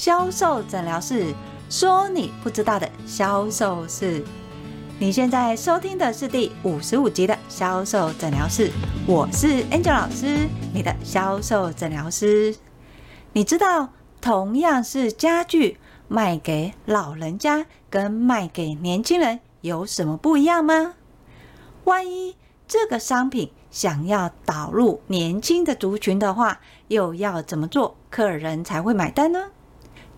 銷售診療室說：“你不知道的銷售事，你現在收聽的是第五十五集的銷售診療室。我是 Angel 老師，你的銷售診療師。你知道同樣是家具，賣給老人家跟賣給年輕人有什麼不一樣嗎？萬一這個商品想要導入年輕的族群的話，又要怎麼做，客人才會買單呢？”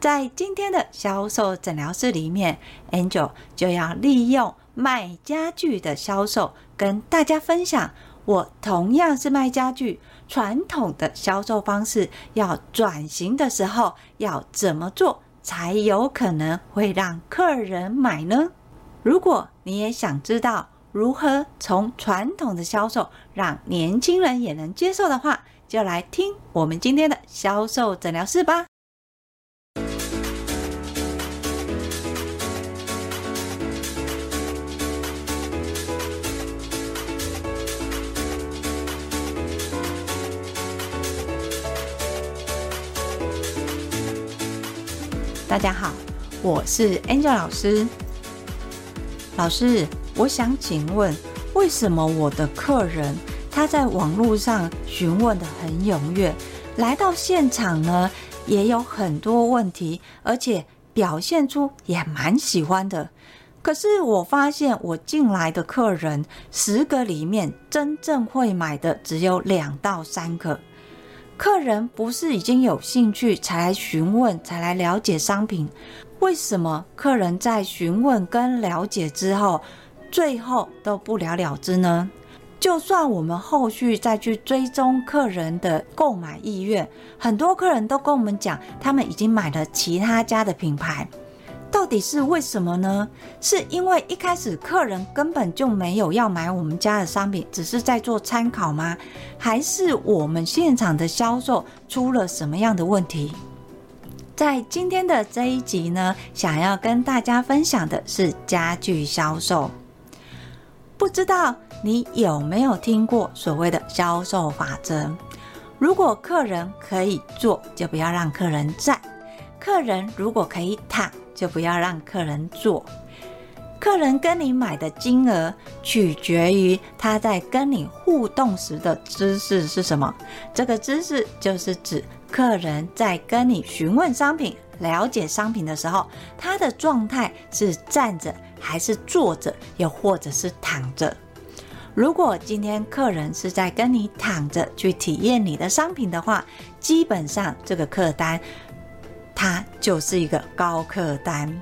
在今天的銷售診療室裡面，Angel 就要利用賣家具的銷售跟大家分享，我同樣是賣家具，傳統的銷售方式要轉型的時候，要怎麼做才有可能會讓客人買呢？如果你也想知道如何從傳統的銷售，讓年輕人也能接受的話，就來聽我們今天的銷售診療室吧。大家好，我是 Angel 老師。老師，我想請問，為什麼我的客人他在網絡上詢問的很踴躍，來到現場呢，也有很多問題，而且表現出也蠻喜歡的，可是我發現我進來的客人十個裡面真正會買的只有兩到三個。客人不是已經有興趣才來詢問，才來了解商品，為什麼客人在詢問跟了解之後，最後都不了了之呢？就算我們後續再去追蹤客人的購買意願，很多客人都跟我們講，他們已經買了其他家的品牌。到底是為什麼呢？是因為一開始客人根本就沒有要買我們家的商品，只是在做參考嗎？還是我們現場的銷售出了什麼樣的問題？在今天的這一集呢，想要跟大家分享的是家具銷售。不知道你有沒有聽過所謂的銷售法則？如果客人可以坐，就不要讓客人站；客人如果可以躺。就不要讓客人坐。客人跟你買的金額，取決於他在跟你互動時的姿勢是什麼。這個姿勢就是指客人在跟你詢問商品、了解商品的時候，他的狀態是站着還是坐着，又或者是躺着。如果今天客人是在跟你躺着去體驗你的商品的話，基本上這個客單。它就是一個高客單，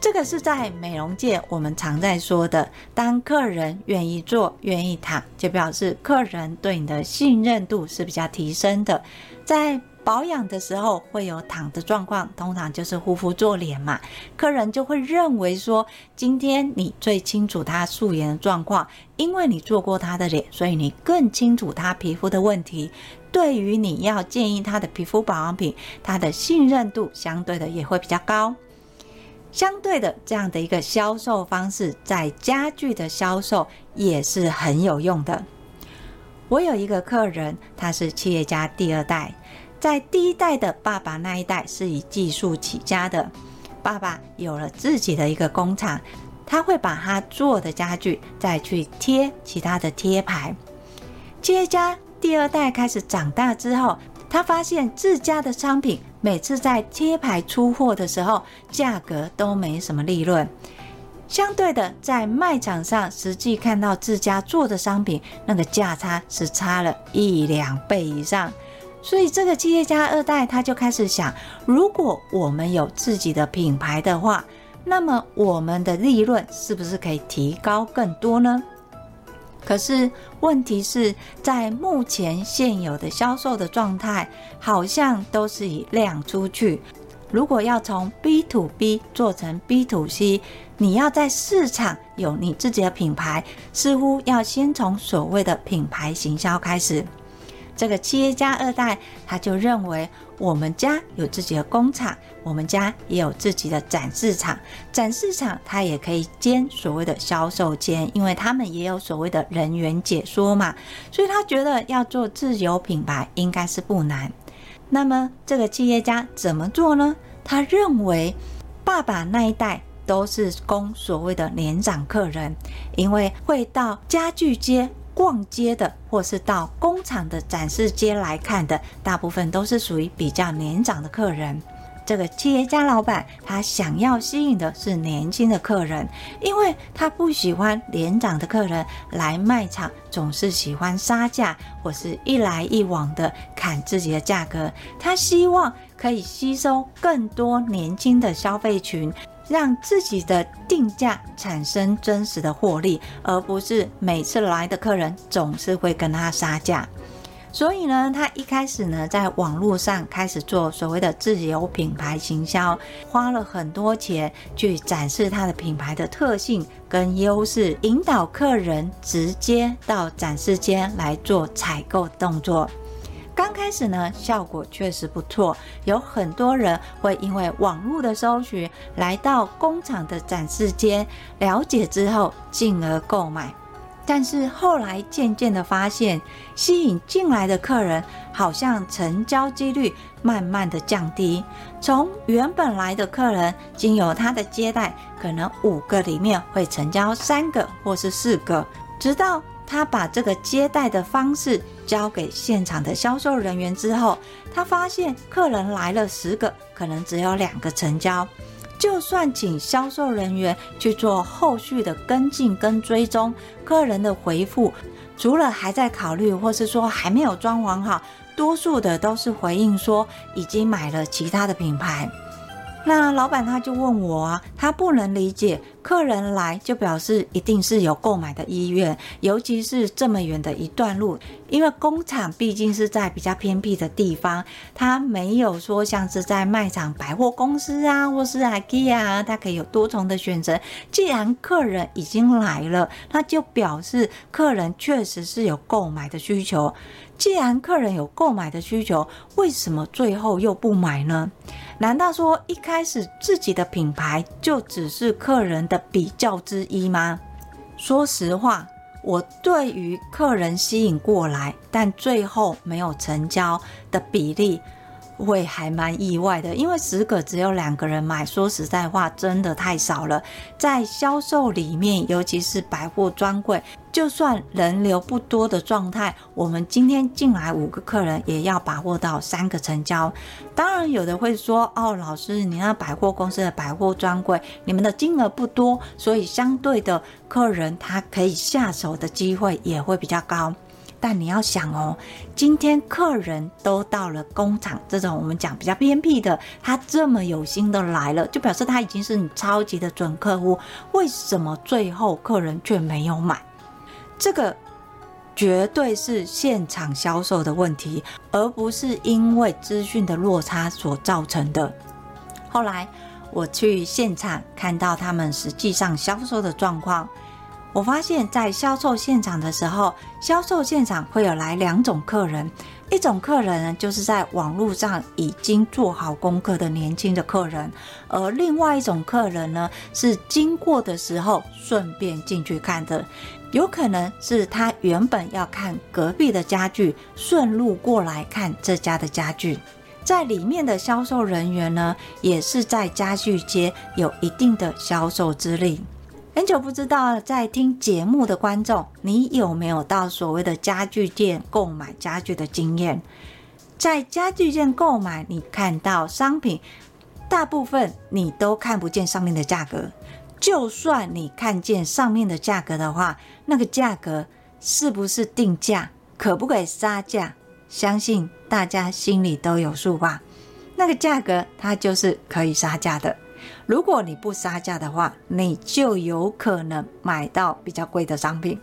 這個是在美容界我們常在說的。當客人願意坐、願意躺，就表示客人對你的信任度是比較提升的。在保養的時候會有躺的狀況，通常就是護膚、做臉嘛。客人就會認為說，今天你最清楚他素顏的狀況，因為你做過他的臉，所以你更清楚他皮膚的問題。對於你要建議他的皮膚保養品，他的信任度相對的也會比較高。相對的，這樣的一個銷售方式，在家具的銷售也是很有用的。我有一個客人，他是企業家第二代，在第一代的爸爸那一代是以技術起家的。爸爸有了自己的一個工廠，他會把他做的家具再去貼其他的貼牌。企業家。第二代開始長大之後，他發現自家的商品每次在貼牌出貨的時候，價格都沒什麼利潤。相對的，在賣場上實際看到自家做的商品，那個價差是差了一兩倍以上。所以這個企業家二代他就開始想，如果我們有自己的品牌的話，那麼我們的利潤是不是可以提高更多呢？可是問題是在目前現有的銷售的狀態，好像都是以量出去。如果要從 B to B 做成 B to C，你要在市場有你自己的品牌，似乎要先從所謂的品牌行銷開始。這個企業家二代，他就認為我們家有自己的工廠，我們家也有自己的展示場，展示場他也可以兼所謂的銷售間，因為他們也有所謂的人員解說嘛，所以他覺得要做自有品牌應該是不難。那麼這個企業家怎麼做呢？他認為爸爸那一代都是供所謂的年長客人，因為會到家具街。逛街的，或是到工廠的展示間來看的，大部分都是屬於比較年長的客人。這個企業家老闆，他想要吸引的是年輕的客人，因為他不喜歡年長的客人來賣場總是喜歡殺價，或是一來一往的砍自己的價格。他希望可以吸收更多年輕的消費群。讓自己的定價產生真實的獲利，而不是每次來的客人總是會跟他殺價。所以呢，他一開始呢，在網絡上開始做所謂的自有品牌行銷，花了很多錢去展示他的品牌的特性跟優勢，引導客人直接到展示間來做採購動作。剛開始呢，效果確實不錯，有很多人會因為網絡的搜尋來到工廠的展示間了解之後，進而購買。但是後來漸漸的發現，吸引進來的客人好像成交幾率慢慢的降低，從原本來的客人經由他的接待，可能五個裡面會成交三個或是四個，直到。他把這個接待的方式交給現場的銷售人員之後，他發現客人來了十個，可能只有兩個成交。就算請銷售人員去做後續的跟進跟追蹤，客人的回復除了還在考慮，或是說還沒有裝潢好，多數的都是回應說已經買了其他的品牌。那老闆他就問我啊，他不能理解，客人來就表示一定是有購買的意願，尤其是這麼遠的一段路，因為工廠畢竟是在比較偏僻的地方，他沒有說像是在賣場、百貨公司啊，或是 IKEA 啊，他可以有多重的選擇。既然客人已經來了，那就表示客人確實是有購買的需求。既然客人有購買的需求，為什麼最後又不買呢？難道說一開始自己的品牌就只是客人的比較之一嗎？說實話，我對於客人吸引過來，但最後沒有成交的比例，會還蠻意外的，因為十個只有兩個人買，說實在話，真的太少了。在銷售裡面，尤其是百貨專櫃，就算人流不多的狀態，我們今天進來五個客人，也要把握到三個成交。當然，有的會說，哦，老師，你那百貨公司的百貨專櫃，你們的金額不多，所以相對的客人他可以下手的機會也會比較高。但你要想哦，今天客人都到了工廠，這種我們講比較偏僻的，他這麼有心的來了，就表示他已經是你超級的準客戶。為什麼最後客人卻沒有買？這個絕對是現場銷售的問題，而不是因為資訊的落差所造成的。後來我去現場看到他們實際上銷售的狀況。我發現，在銷售現場的時候，銷售現場會有來兩種客人，一種客人呢，就是在網絡上已經做好功課的年輕的客人，而另外一種客人呢，是經過的時候順便進去看的，有可能是他原本要看隔壁的家具，順路過來看這家的家具。在裡面的銷售人員呢，也是在家具街有一定的銷售資歷。很久不知道在聽節目的觀眾，你有沒有到所謂的家具店購買家具的經驗？在家具店購買，你看到商品，大部分你都看不見上面的價格。就算你看見上面的價格的話，那個價格是不是定價，可不可以殺價，相信大家心裡都有數吧？那個價格它就是可以殺價的。如果你不殺價的話，你就有可能買到比較貴的商品。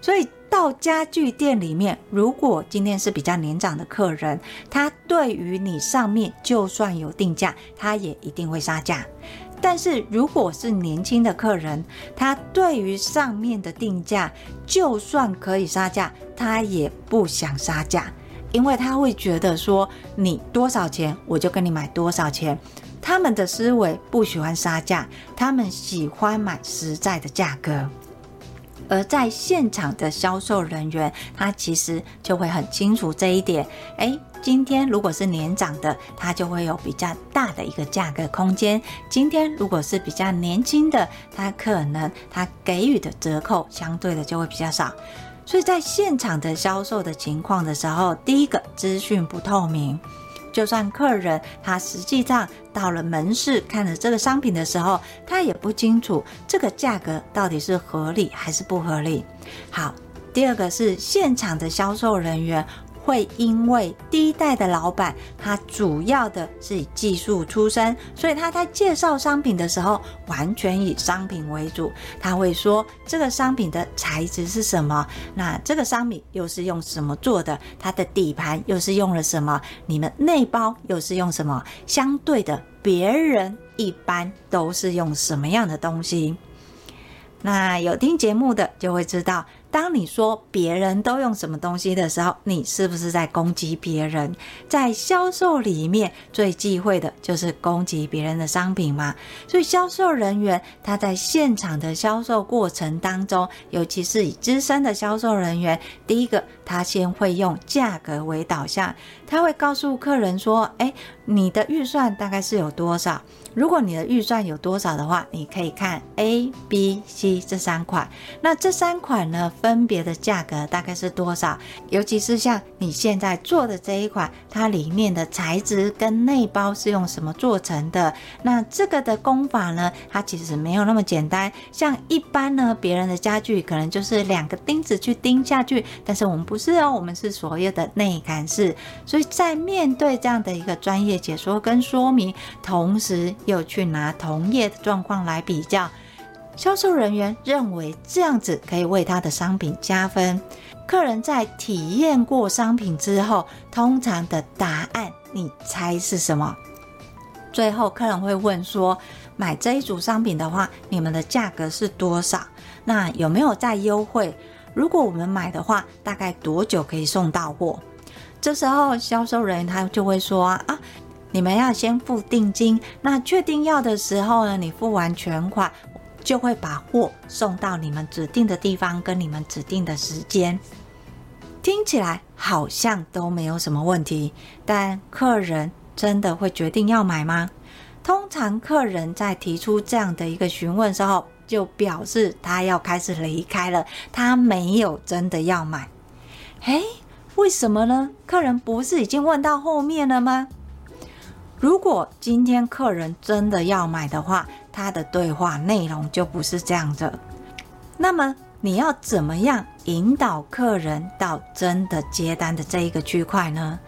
所以到家具店裡面，如果今天是比較年長的客人，他對於你上面就算有定價，他也一定會殺價。但是如果是年輕的客人，他對於上面的定價，就算可以殺價，他也不想殺價，因為他會覺得說你多少錢，我就跟你買多少錢。他們的思維不喜歡殺價，他們喜歡買實在的價格。而在現場的銷售人員，他其實就會很清楚這一點。誒，今天如果是年長的，他就會有比較大的一個價格空間；今天如果是比較年輕的，他可能他給予的折扣相對的就會比較少。所以在現場的銷售的情況的時候，第一個資訊不透明。就算客人他實際上到了門市看了這個商品的時候，他也不清楚這個價格到底是合理還是不合理。好，第二個是現場的銷售人員。會因為第一代的老闆，他主要的是以技術出身，所以他在介紹商品的時候，完全以商品為主。他會說這個商品的材質是什麼，那這個商品又是用什麼做的，它的底盤又是用了什麼，你們內包又是用什麼，相對的，別人一般都是用什麼樣的東西。那有聽節目的就會知道，當你說別人都用什麼東西的時候，你是不是在攻擊別人？在銷售裡面最忌諱的就是攻擊別人的商品嘛。所以銷售人員他在現場的銷售過程當中，尤其是以資深的銷售人員，第一個他先會用價格為導向，他會告訴客人說：“誒，你的預算大概是有多少？”如果你的預算有多少的話，你可以看 A、B、C 這三款。那這三款呢，分別的價格大概是多少？尤其是像你現在做的這一款，它裡面的材質跟內包是用什麼做成的？那這個的工法呢，它其實沒有那麼簡單。像一般呢，別人的家具可能就是兩個釘子去釘下去，但是我們不是哦，我們是所有的內桿式。所以在面對這樣的一個專業解說跟說明，同時。又去拿同業的狀況來比較，銷售人員認為這樣子可以為他的商品加分。客人在體驗過商品之後，通常的答案，你猜是什麼？最後客人會問說：買這一組商品的話，你們的價格是多少？那有沒有再優惠？如果我們買的話，大概多久可以送到貨？這時候銷售人員他就會說啊：啊。你們要先付定金，那確定要的時候呢，你付完全款，就會把貨送到你們指定的地方，跟你們指定的時間。聽起來好像都沒有什麼問題，但客人真的會決定要買嗎？通常客人在提出這樣的一個詢問時候，就表示他要開始離開了，他沒有真的要買。誒，為什麼呢？客人不是已經問到後面了嗎？如果今天客人真的要買的話，他的對話內容就不是這樣的。那麼你要怎麼樣引導客人到真的接單的這一個區塊呢？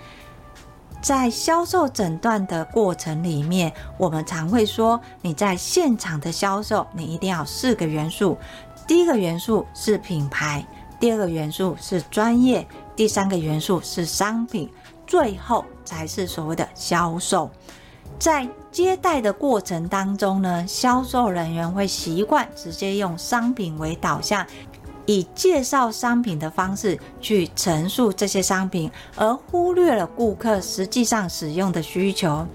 在銷售診斷的過程裡面，我們常會說，你在現場的銷售，你一定要四個元素。第一個元素是品牌，第二個元素是專業，第三個元素是商品。最後才是所謂的銷售，在接待的過程當中呢，銷售人員會習慣直接用商品為導向，以介紹商品的方式去陳述這些商品，而忽略了顧客實際上使用的需求。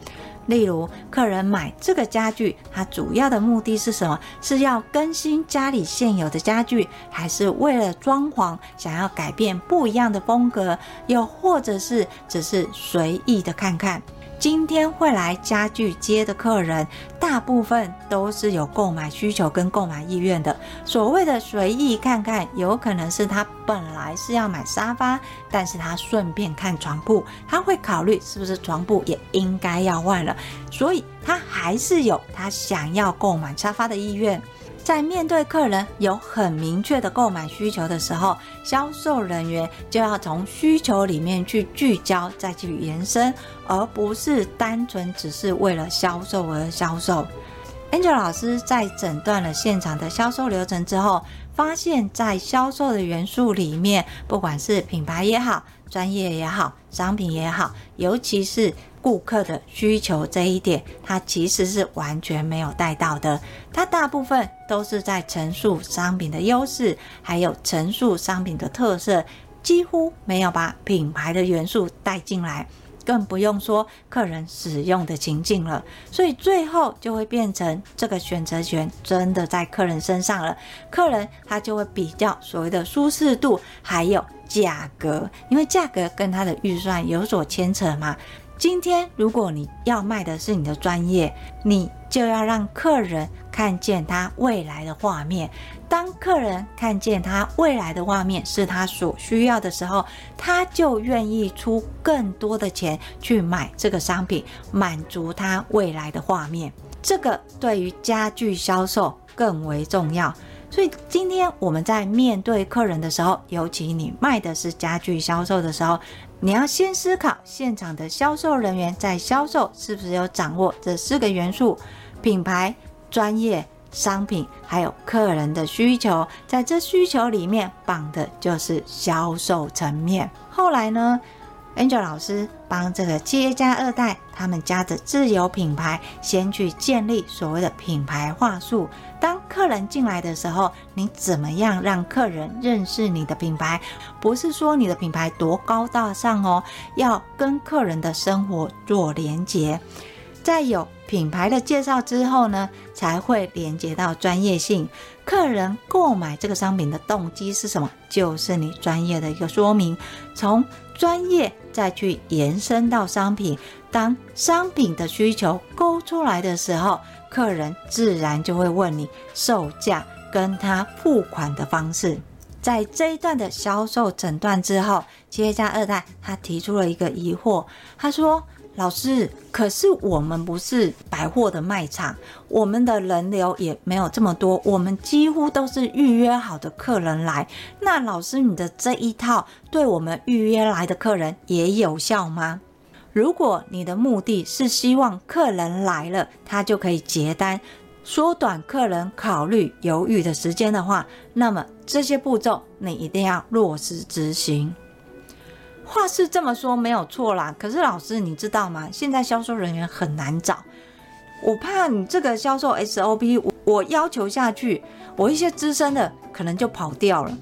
例如，客人買這個家具，他主要的目的是什麼？是要更新家裡現有的家具，還是為了裝潢想要改變不一樣的風格？又或者是只是隨意的看看？今天會來家具街的客人，大部分都是有購買需求跟購買意願的。所謂的隨意看看，有可能是他本來是要買沙發，但是他順便看床鋪，他會考慮是不是床鋪也應該要換了，所以他還是有他想要購買沙發的意願。在面對客人有很明確的購買需求的時候，銷售人員就要從需求裡面去聚焦，再去延伸，而不是單純只是為了銷售而銷售。Angel 老師在診斷了現場的銷售流程之後，發現在銷售的元素裡面，不管是品牌也好、專業也好、商品也好，尤其是顧客的需求這一點，它其實是完全沒有帶到的。它大部分都是在陳述商品的優勢，還有陳述商品的特色，幾乎沒有把品牌的元素帶進來。更不用說客人使用的情境了，所以最後就會變成這個選擇權真的在客人身上了。客人他就會比較所謂的舒適度，還有價格，因為價格跟他的預算有所牽扯嘛。今天，如果你要賣的是你的專業，你就要讓客人看見他未來的畫面。當客人看見他未來的畫面是他所需要的時候，他就願意出更多的錢去買這個商品，滿足他未來的畫面。這個對於家具銷售更為重要。所以，今天我們在面對客人的時候，尤其你賣的是家具銷售的時候。你要先思考，現場的銷售人員在銷售是不是有掌握這四個元素：品牌、專業、商品，還有客人的需求。在這需求裡面綁的就是銷售層面。後來呢，Angel 老師幫這個企業家二代，他們家的自有品牌先去建立所謂的品牌話術。當客人進來的時候，你怎麼樣讓客人認識你的品牌？不是說你的品牌多高大上哦，要跟客人的生活做連接。在有品牌的介紹之後呢，才會連接到專業性。客人購買這個商品的動機是什麼？就是你專業的一個說明。從專業再去延伸到商品，當商品的需求勾出來的時候，客人自然就會問你售價跟他付款的方式。在這一段的銷售診斷之後，企業家二代他提出了一個疑惑，他說：“老師，可是我們不是百貨的賣場，我們的人流也沒有這麼多，我們幾乎都是預約好的客人來。那老師，你的這一套對我們預約來的客人也有效嗎？”如果你的目的是希望客人來了他就可以結單，縮短客人考慮猶豫的時間的話，那麼這些步驟你一定要落實執行。話是這麼說沒有錯啦，可是老師你知道嗎？現在銷售人員很難找，我怕你這個銷售 SOP 我我要求下去，我一些資深的可能就跑掉了。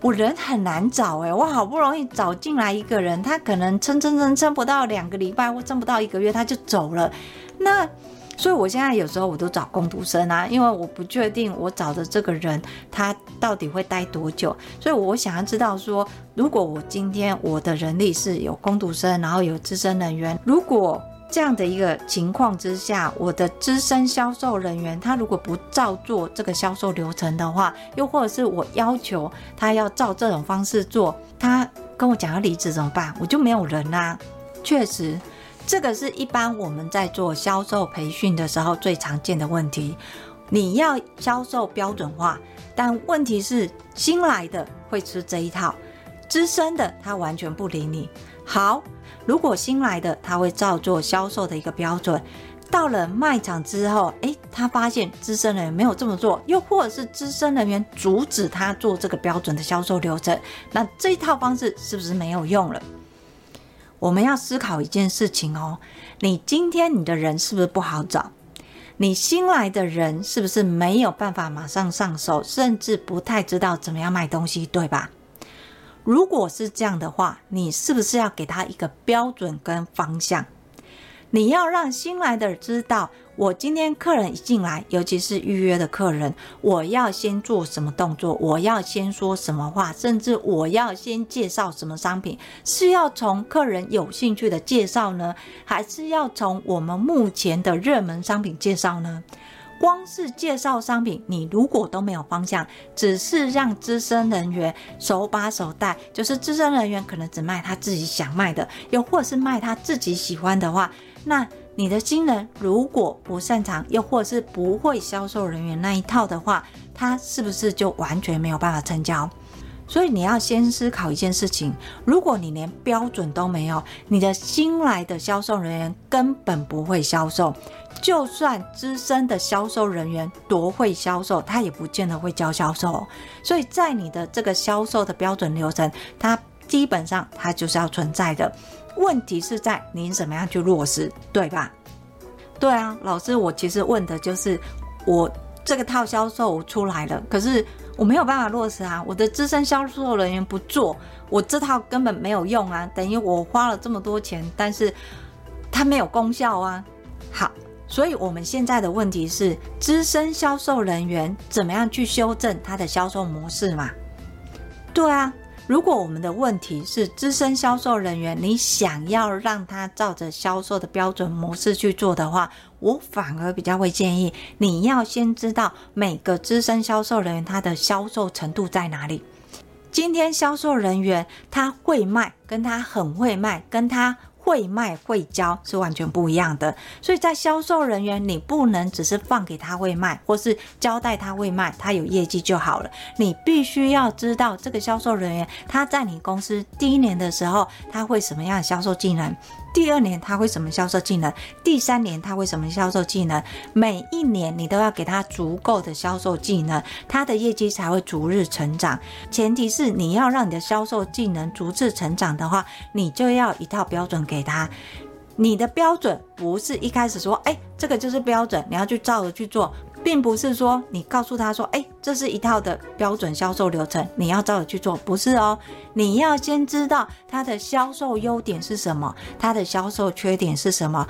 我人很難找誒、欸，我好不容易找進來一個人，他可能撐撐撐撐不到兩個禮拜，或撐不到一個月他就走了。那，所以我現在有時候我都找工讀生啊，因為我不確定我找的這個人他到底會待多久，所以我想要知道說，如果我今天我的人力是有工讀生，然後有資深人員，如果這樣的一個情況之下，我的資深銷售人員他如果不照做這個銷售流程的話，又或者是我要求他要照這種方式做，他跟我講要離職怎麼辦，我就沒有人啦，啊。確實，這個是一般我們在做銷售培訓的時候最常見的問題。你要銷售標準化，但問題是新來的會吃這一套，資深的他完全不理你。好。如果新來的他會照做銷售的一個標準，到了賣場之後，誒，他發現資深人員沒有這麼做，又或者是資深人員阻止他做這個標準的銷售流程，那這一套方式是不是沒有用了？我們要思考一件事情哦，你今天你的人是不是不好找？你新來的人是不是沒有辦法馬上上手，甚至不太知道怎麼樣賣東西，對吧？如果是這樣的話，你是不是要給他一個標準跟方向？你要讓新來的知道，我今天客人一進來，尤其是預約的客人，我要先做什麼動作？我要先說什麼話？甚至我要先介紹什麼商品？是要從客人有興趣的介紹呢，還是要從我們目前的熱門商品介紹呢？光是介紹商品，你如果都沒有方向，只是讓資深人員手把手帶，就是資深人員可能只賣他自己想賣的，又或是賣他自己喜歡的話，那你的新人如果不擅長，又或是不會銷售人員那一套的話，他是不是就完全沒有辦法成交？所以你要先思考一件事情，如果你連標準都沒有，你的新來的銷售人員根本不會銷售。就算資深的銷售人員多會銷售，他也不見得會教銷售。所以在你的這個銷售的標準流程，它基本上它就是要存在的。問題是在您怎麼樣去落實，對吧？對啊，老師，我其實問的就是，我這個套銷售我出來了，可是我沒有辦法落實啊。我的資深銷售人員不做，我這套根本沒有用啊。等於我花了這麼多錢，但是它沒有功效啊。好。所以我們現在的問題是，資深銷售人員怎麼樣去修正他的銷售模式嘛？對啊，如果我們的問題是資深銷售人員，你想要讓他照着銷售的標準模式去做的話，我反而比較會建議你要先知道每個資深銷售人員他的銷售程度在哪裡。今天銷售人員他會賣，跟他很會賣，跟他……會賣會教是完全不一樣的，所以在銷售人員，你不能只是放給他會賣，或是交代他會賣，他有業績就好了。你必須要知道這個銷售人員他在你公司第一年的時候他會什麼樣的銷售技能，第二年他會什麼銷售技能，第三年他會什麼銷售技能，每一年你都要給他足夠的銷售技能，他的業績才會逐日成長。前提是你要讓你的銷售技能逐次成長的話，你就要一套標準。給他，你的標準不是一開始說，哎，這個就是標準，你要去照着去做，並不是說你告訴他說，哎，這是一套的標準銷售流程，你要照着去做，不是哦，你要先知道他的銷售優點是什麼，他的銷售缺點是什麼，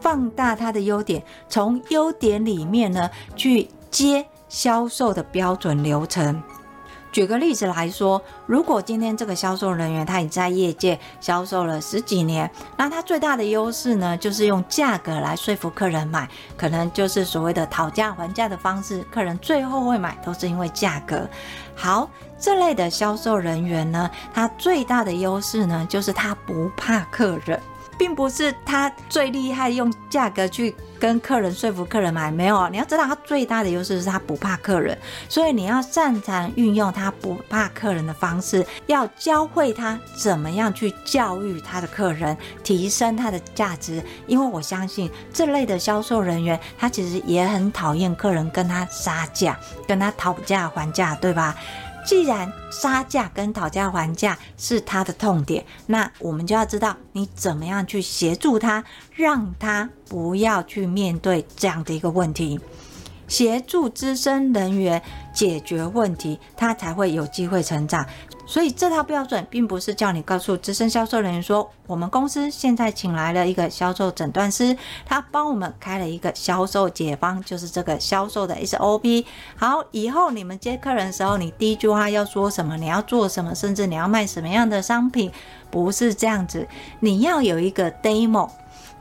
放大他的優點，從優點裡面呢去接銷售的標準流程。舉個例子來說，如果今天這個銷售人員他已經在業界銷售了十幾年，那他最大的優勢呢，就是用價格來說服客人買，可能就是所謂的討價還價的方式，客人最後會買都是因為價格好。這類的銷售人員呢，他最大的優勢呢，就是他不怕客人。並不是他最厲害，用價格去跟客人說服客人買，沒有。你要知道，他最大的優勢是他不怕客人，所以你要擅長運用他不怕客人的方式，要教會他怎麼樣去教育他的客人，提升他的價值。因為我相信這類的銷售人員，他其實也很討厭客人跟他殺價、跟他討價還價，對吧？既然殺價跟討價還價是他的痛點，那我們就要知道你怎麼樣去協助他，讓他不要去面對這樣的一個問題，協助資深人員解決問題，他才會有機會成長。所以這套標準並不是叫你告訴資深銷售人員說，我們公司現在請來了一個銷售診斷師，他幫我們開了一個銷售解方，就是這個銷售的 SOP。好，以後你們接客人的時候，你第一句話要說什麼，你要做什麼，甚至你要賣什麼樣的商品，不是這樣子，你要有一個 demo。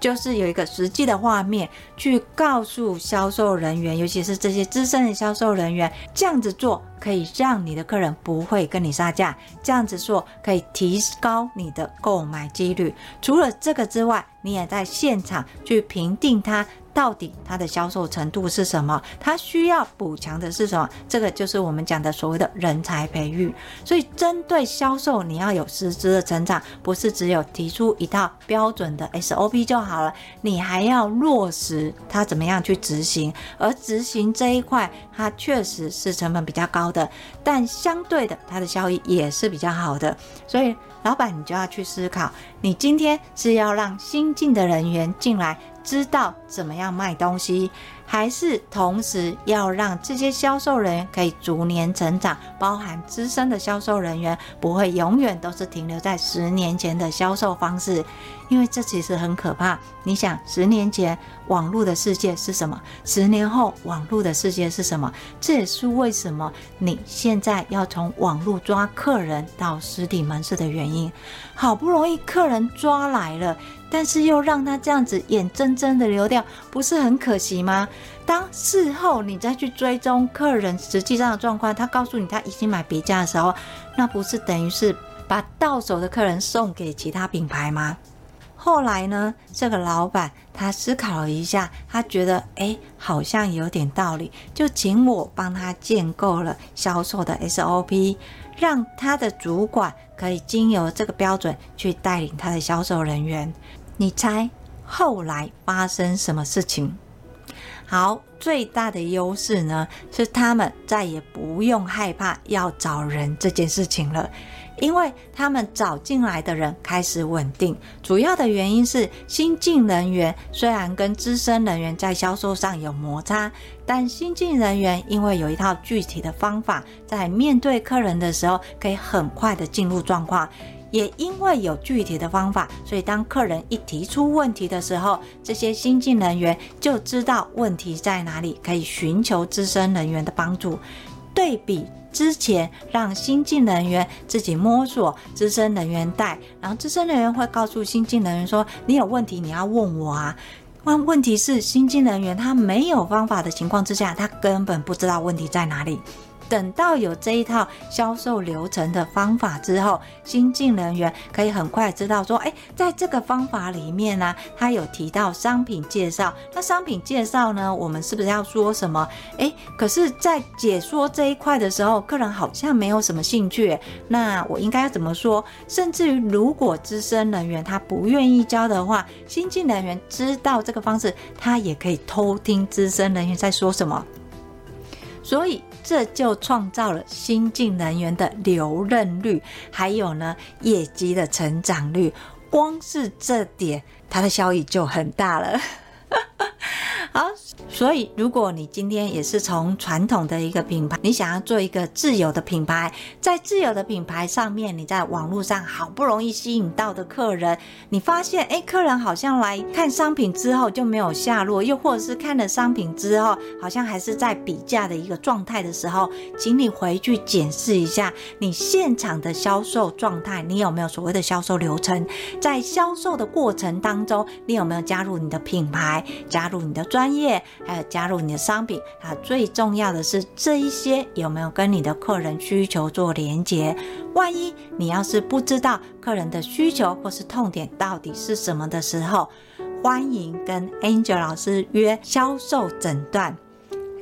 就是有一個實際的畫面去告訴銷售人員，尤其是這些資深的銷售人員，這樣子做可以讓你的客人不會跟你殺價，這樣子做可以提高你的購買幾率。除了這個之外，你也在現場去評定他。到底它的銷售程度是什麼？它需要補強的是什麼？這個就是我們講的所謂的人才培育。所以，針對銷售，你要有實質的成長，不是只有提出一套標準的 SOP 就好了，你還要落實它怎麼樣去執行。而執行這一塊，它確實是成本比較高的，但相對的，它的效益也是比較好的。所以。老闆，你就要去思考，你今天是要讓新進的人員進來知道怎麼樣賣東西，還是同時要讓這些銷售人員可以逐年成長，包含資深的銷售人員不會永遠都是停留在十年前的銷售方式。因為這其實很可怕。你想，十年前網絡的世界是什麼？十年後網絡的世界是什麼？這也是為什麼你現在要從網絡抓客人到實體門市的原因。好不容易客人抓來了，但是又讓他這樣子眼睜睜的流掉，不是很可惜嗎？當事後你再去追蹤客人實際上的狀況，他告訴你他已經買別家的時候，那不是等於是把到手的客人送給其他品牌嗎？後來呢，這個老闆他思考了一下，他覺得誒，好像有點道理，就請我幫他建構了銷售的 SOP，讓他的主管可以經由這個標準去帶領他的銷售人員。你猜後來發生什麼事情？好，最大的優勢呢，是他們再也不用害怕要找人這件事情了。因為他們找進來的人開始穩定，主要的原因是新進人員雖然跟資深人員在銷售上有摩擦，但新進人員因為有一套具體的方法，在面對客人的時候可以很快的進入狀況，也因為有具體的方法，所以當客人一提出問題的時候，這些新進人員就知道問題在哪裡，可以尋求資深人員的幫助。對比。之前讓新進人員自己摸索，資深人員帶，然後資深人員會告訴新進人員說：“你有問題你要問我啊。”問題是，新進人員他沒有方法的情況之下，他根本不知道問題在哪裡。等到有這一套銷售流程的方法之後，新進人員可以很快知道說，誒、欸，在這個方法裡面呢、啊，他有提到商品介紹。那商品介紹呢，我們是不是要說什麼？誒、欸，可是，在解說這一塊的時候，客人好像沒有什麼興趣、欸。那我應該要怎麼說？甚至於，如果資深人員他不願意教的話，新進人員知道這個方式，他也可以偷聽資深人員在說什麼。所以。這就創造了新進人員的留任率，還有呢，業績的成長率。光是這點，它的效益就很大了。好，所以如果你今天也是從傳統的一個品牌，你想要做一個自有的品牌，在自有的品牌上面，你在網絡上好不容易吸引到的客人，你發現，哎，客人好像來看商品之後就沒有下落，又或者是看了商品之後，好像還是在比價的一個狀態的時候，請你回去檢視一下你現場的銷售狀態，你有沒有所謂的銷售流程？在銷售的過程當中，你有沒有加入你的品牌，加入你的專？專業，還有加入你的商品，啊，最重要的是這一些有沒有跟你的客人需求做連接？萬一你要是不知道客人的需求或是痛點到底是什麼的時候，歡迎跟 Angel 老師約銷售診斷。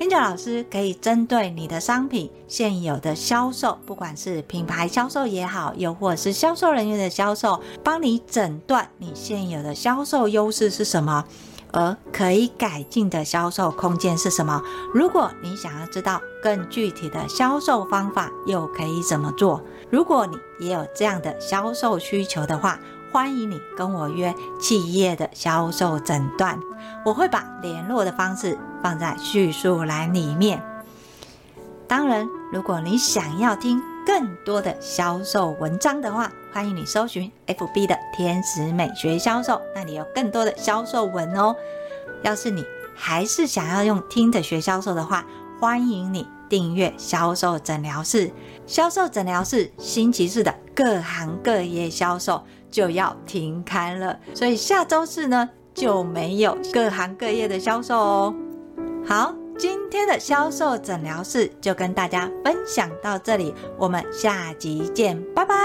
Angel 老師可以針對你的商品現有的銷售，不管是品牌銷售也好，又或是銷售人員的銷售，幫你診斷你現有的銷售優勢是什麼。而可以改進的銷售空間是什麼？如果你想要知道更具體的銷售方法，又可以怎麼做？如果你也有這樣的銷售需求的話，歡迎你跟我約企業的銷售診斷，我會把聯絡的方式放在敘述欄裡面。當然，如果你想要聽更多的銷售文章的話，歡迎你搜尋 FB 的天使美學銷售，那裡有更多的銷售文哦。要是你還是想要用聽的學銷售的話，歡迎你訂閱銷售診療室。銷售診療室星期四的各行各業銷售就要停刊了，所以下周四呢，就沒有各行各業的銷售哦。好，今天的銷售診療室就跟大家分享到這裡，我們下集見，拜拜。